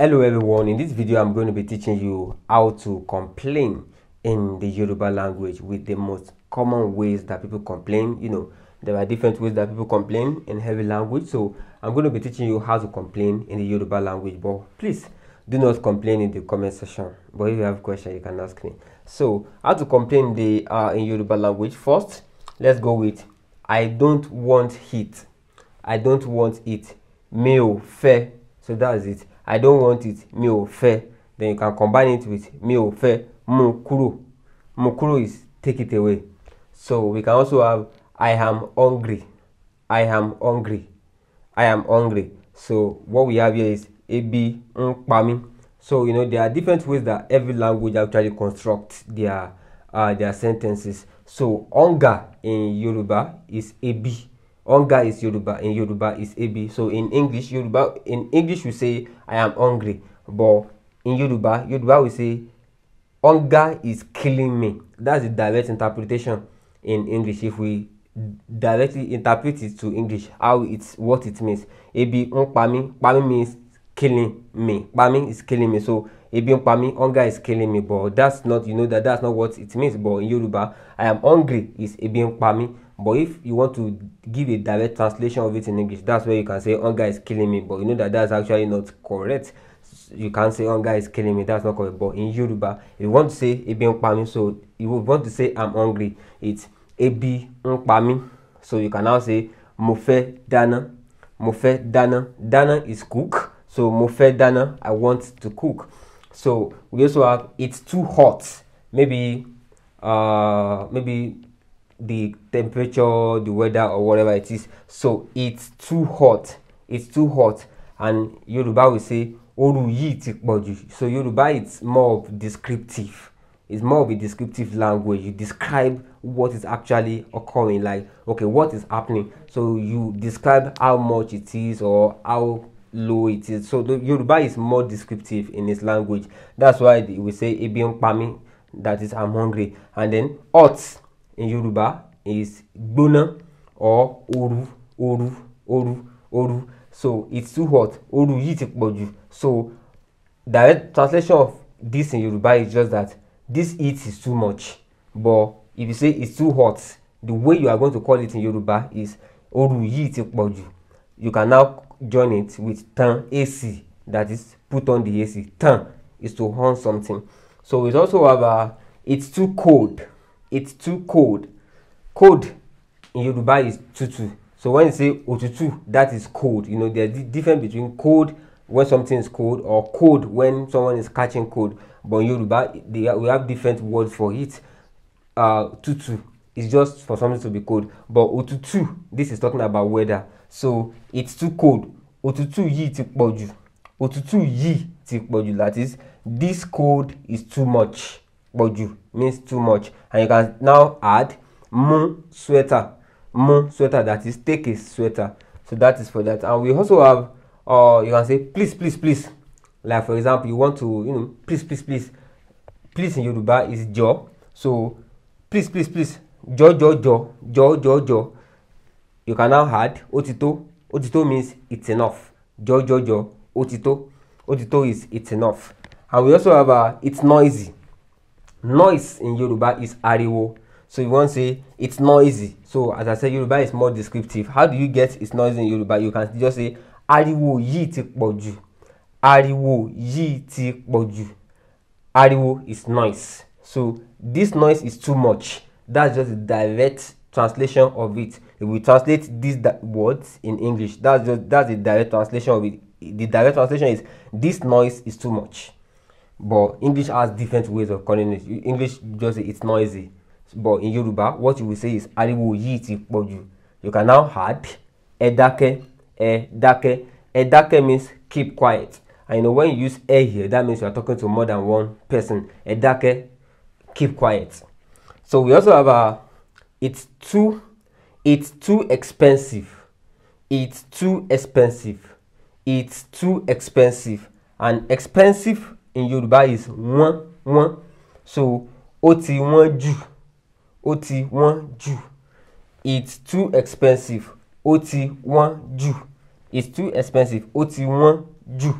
hello everyone in this video i'm going to be teaching you how to complain in the yoruba language with the most common ways that people complain you know there are different ways that people complain in every language so i'm going to be teaching you how to complain in the yoruba language but please do not complain in the comment section but if you have question you can ask me so how to complain the uh, in yoruba language first let's go with i don't want heat i don't want it meal fair so that is it I don't want it, mi ò fẹ́. Then you can combine it with mi ò fẹ́, mukuru. Mukuru is take it away. So we can also have I am hungry. I am hungry. I am hungry. So what we have here is ebi ń So you know there are different ways that every language actually constructs their uh, their sentences. So hunger in Yoruba is ebi. Hunger is Yoruba. In Yoruba is Ebi. So in English, Yoruba in English we say I am hungry. But in Yoruba, Yoruba we say hunger is killing me. That's the direct interpretation in English. If we directly interpret it to English, how it's what it means. Ebi unpami. Pami means killing me. Pami is killing me. So ebi ń hunger is killing me but that's not you know that that's not what it means but in Yoruba I am hungry is ebi ń pa but if you want to give a direct translation of it in English, that's where you can say hunger is killing me. But you know that that's actually not correct. You can't say hunger is killing me. That's not correct. But in Yoruba, if you want to say ebi ń so you want to say I'm hungry. It's ebi ń So you can now say "mofe dáná. "Mofe dáná. Dáná is cook. So "mofe dáná. I want to cook. So we also have it's too hot. Maybe uh maybe the temperature the weather or whatever it is so it's too hot it's too hot and yoruba will say oru yi ti poju so yoruba it's more of descriptive it's more of a descriptive language you describe what is actually occurring like okay what is happening so you describe how much it is or how low it is so the yoruba is more descriptive in its language that's why we say ebi that is i'm hungry and then hot in Yoruba is gbona or oru, oru, oru, oru. So it's too hot. Oru yi ti poju. So direct translation of this in Yoruba is just that this heat is too much. But if you say it's too hot, the way you are going to call it in Yoruba is oru yi ti poju. You can now join it with tan AC that is put on the AC. Tan is to on something. So it also have a uh, it's too cold it's too cold. Cold in Yoruba is tutu. So when you say otutu, that is cold. You know, there's a difference between cold when something is cold or cold when someone is catching cold. But in Yoruba, they, we have different words for it. Uh, tutu is just for something to be cold. But otutu, this is talking about weather. So it's too cold. Otutu yi ti Otutu yi ti That is, this cold is too much boju means too much and you can now add mu sweater mu sweater that is take a sweater so that is for that and we also have uh, you can say please please please like for example you want to you know please please please please in yoruba is jo so please please please jo jo jo jo jo jo you can now add otito otito means it's enough jo jo jo otito otito is it's enough and we also have uh, it's noisy noise in Yoruba is ariwo. So you won't say it's noisy. So as I said, Yoruba is more descriptive. How do you get it's noisy in Yoruba? You can just say ariwo yi ti pọ̀jù. Ariwo yi ti pọ̀jù. Ariwo is noise. So this noise is too much. That's just a direct translation of it. If we translate these words in English, that's just that's the direct translation of it. The direct translation is this noise is too much but English has different ways of calling it. English just say it's noisy, but in Yoruba, what you will say is ariwo Yiti pọ̀jù. You can now add "edake," "edake," "edake" means keep quiet. And you know when you use a here, that means you are talking to more than one person. "Edake," keep quiet. So we also have a uh, it's too it's too expensive. It's too expensive. It's too expensive. And expensive in Yoruba is wọ́n wọ́n so ó ti wọ́n jù ó ti wọ́n jù it's too expensive ó ti wọ́n jù it's too expensive ó ti wọ́n jù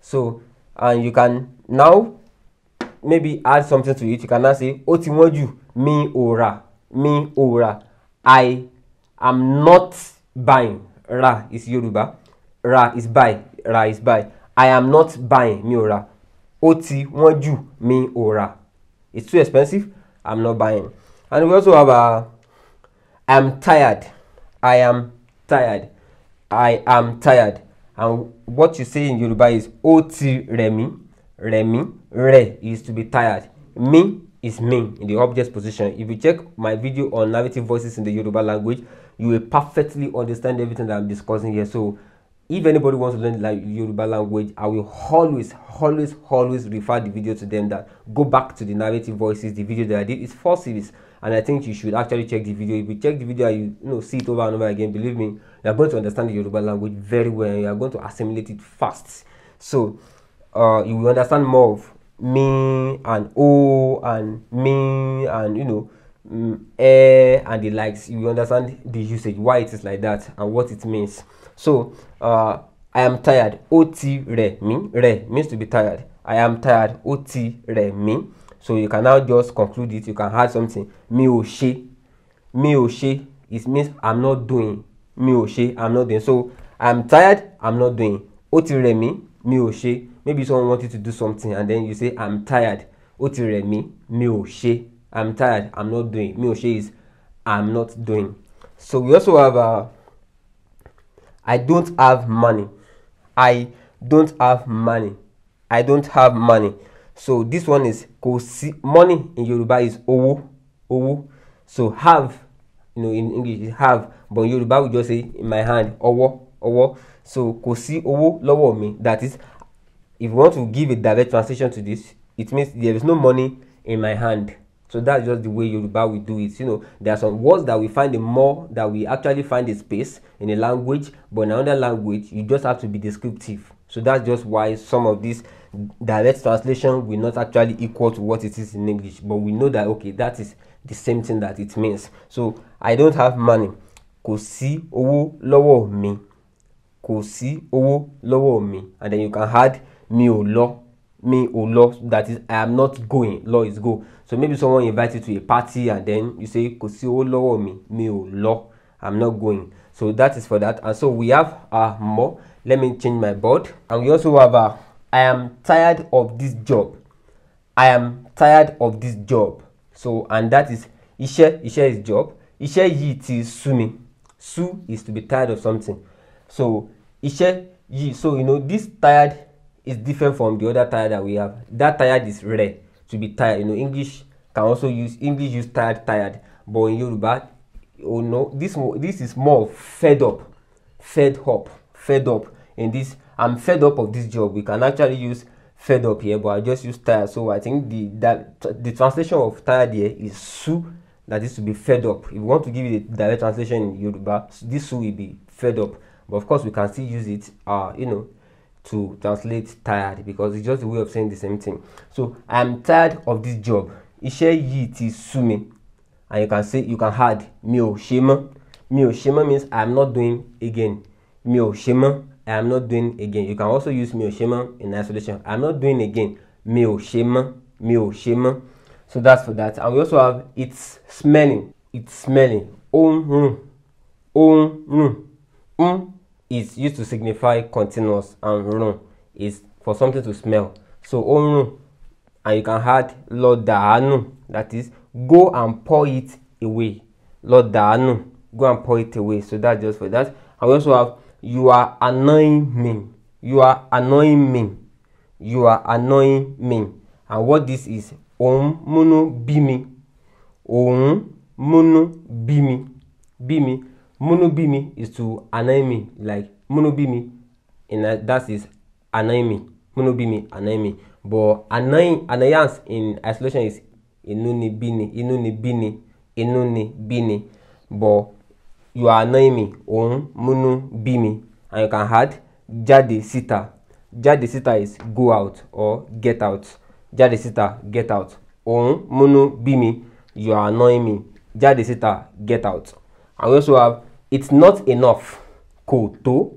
so and you can now maybe add something to it you can now say ó ti wọ́n jù mi ò rà mi ò rà I am not buying ra is Yoruba. ra is buy ra is buy I am not buying mi ò rà Ot ti you me ora, it's too expensive i'm not buying and we also have a i'm tired i am tired i am tired and what you say in Yoruba is ot remi remi rẹ̀ rẹ̀ is to be tired me is me in the object position if you check my video on narrative voices in the Yoruba language you will perfectly understand everything that i'm discussing here so if anybody wants to learn like Yoruba language, I will always, always, always refer the video to them that go back to the narrative voices, the video that I did. It's four series, and I think you should actually check the video. If you check the video and you, you know see it over and over again, believe me, you are going to understand the Yoruba language very well. You are going to assimilate it fast. So uh, you will understand more of me and oh and me and you know mm, eh and the likes. You will understand the usage, why it is like that, and what it means. So uh, I am tired. Oti rẹ̀ mí. Rẹ̀ means to be tired. I am tired. Oti rẹ̀ mí. So you can now just conclude it. You can add something. Mi ò Mi ò ṣe. It means I'm not doing. Mi o ṣe. I'm not doing. So I'm tired. I'm not doing. Oti rẹ̀ mí. Mi ò Maybe someone wanted to do something and then you say I'm tired. Oti rẹ̀ mí. Mi ò i I'm tired. I'm not doing. Mi ò is I'm not doing. So we also have a uh, I don't have money. I don't have money. I don't have money. So this one is kosi. Money in Yoruba is owo. Owo. So have, you know, in English is have. But in Yoruba we just say in my hand, owo, owo. So kosi owo lowo me. That is, if you want to give a direct translation to this, it means there is no money in my hand. So that's just the way Yoruba we do it. You know, there are some words that we find a more that we actually find a space in a language, but in another language, you just have to be descriptive. So that's just why some of these direct translation will not actually equal to what it is in English. But we know that okay, that is the same thing that it means. So I don't have money. Kò sí owó lọ́wọ́ me. Kò sí owó lọ́wọ́ me. And then you can add mi ò lọ me or law that is i am not going law is go so maybe someone invited to a party and then you say kosi o law lọ́wọ́ me mi o law lọ i'm not going so that is for that and so we have uh, more let me change my board and we also have uh, i am tired of this job i am tired of this job so and that is iṣẹ́ iṣẹ́ is job iṣẹ́ yìí ti sú mi sú is to be tired of something so iṣẹ́ yìí so you know this tired is different from the other tired that we have. That tired is rare to be tired. You know, English can also use English use tired, tired, but in Yoruba, oh no, this this is more fed up, fed up, fed up. In this, I'm fed up of this job. We can actually use fed up here, but I just use tired. So I think the that the translation of tired here is su. That is to be fed up. If you want to give it a direct translation in Yoruba, this su will be fed up. But of course, we can still use it. Uh, you know, to translate tired because it's just a way of saying the same thing. So I'm tired of this job. Iṣẹ́ yi ti sumi, And you can say you can add miu shema. Miu shema means I'm not doing again. Miu shema, mọ́. I'm not doing again. You can also use miu shema in isolation. I'm not doing again. Miu shema, miu shema. So that's for that. And we also have it's smelling. It's smelling. Oh, ń oh. is used to signify continuous and run is for something to smell so ó and you can add lọ that is go and pour it away lọ go and pour it away so that's just for that and we also have you are annoying me you are annoying me you are annoying me and what this is òun múnú bí mi òun múnú bí Munubimi is to annoy me. Like Munubimi, and uh, that is annoy me. Munubimi, annoy me. But annoying, annoyance in isolation is inuni inuni bini, bini, inuni bini. But you are annoying me. On Munubimi, and you can add jadi sita. Jadi sita is go out or get out. Jadi sita get out. On Munubimi, you are annoying me. Jadi sita get out. And we also have It's not enough. Kò tó.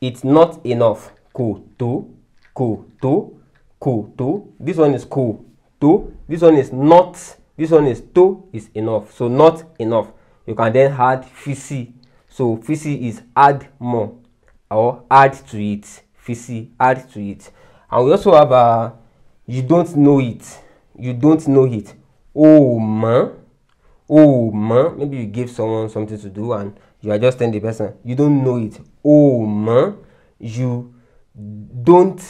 It's not enough. Kò tó. Kò tó. Kò tó. This one is kò tó. This one is not. This one is tó is enough. So not enough. You can then add fisi. So fisi is add more or add to it. Fisi, add to it. And we also have a uh, you don't know it. You don't know it. Oh man. Oh man. Maybe you give someone something to do and you are just telling the person you don't know it Oh man, you don't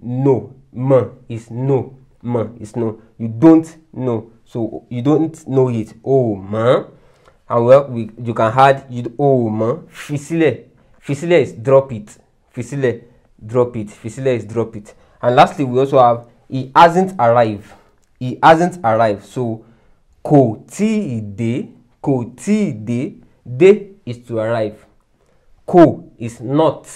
know man. is no man. is no you don't know so you don't know it Oh ah, man. and well we, you can add you o mọ̀ fi sílẹ̀ is drop it fi drop it fi is drop it and lastly we also have he hasn't arrived he hasn't arrived so kò tíì dé kò tíì dé dé is to arrive ko is not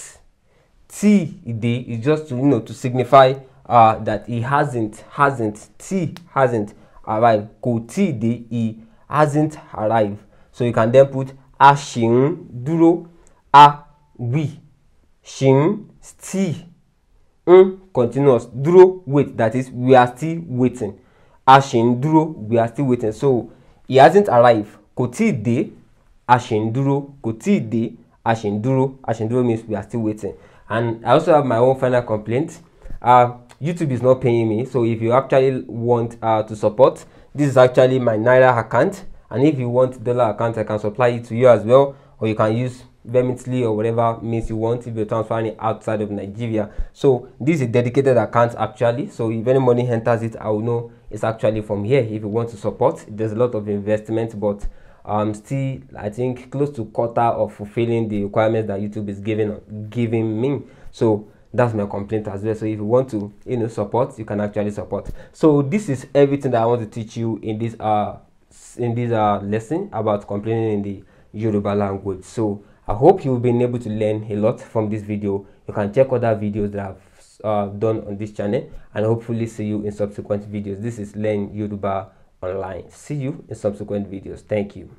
t is just to you know to signify uh, that he hasn't hasn't t hasn't arrived ko t he hasn't arrived so you can then put a dúró a wí shin t still continuous dúró wait that is we are still waiting a dúró we are still waiting so he hasn't arrived kò t d Ashenduro, Koti dé Ashenduro, Ashenduro means we are still waiting and I also have my own final complaint uh, YouTube is not paying me so if you actually want uh, to support this is actually my Naira account and if you want dollar account I can supply it to you as well or you can use vermintly or whatever means you want if you're transferring outside of Nigeria. So this is dedicated account actually. So if any money enters it, I will know it's actually from here. If you want to support, there's a lot of investment, but I'm still I think close to quarter of fulfilling the requirements that YouTube is giving giving me. So that's my complaint as well. So if you want to you know support, you can actually support. So this is everything that I want to teach you in this uh in this uh lesson about complaining in the Yoruba language. So I hope you've been able to learn a lot from this video. You can check other videos that I've uh, done on this channel and hopefully see you in subsequent videos. This is Learn Yoruba online. See you in subsequent videos. Thank you.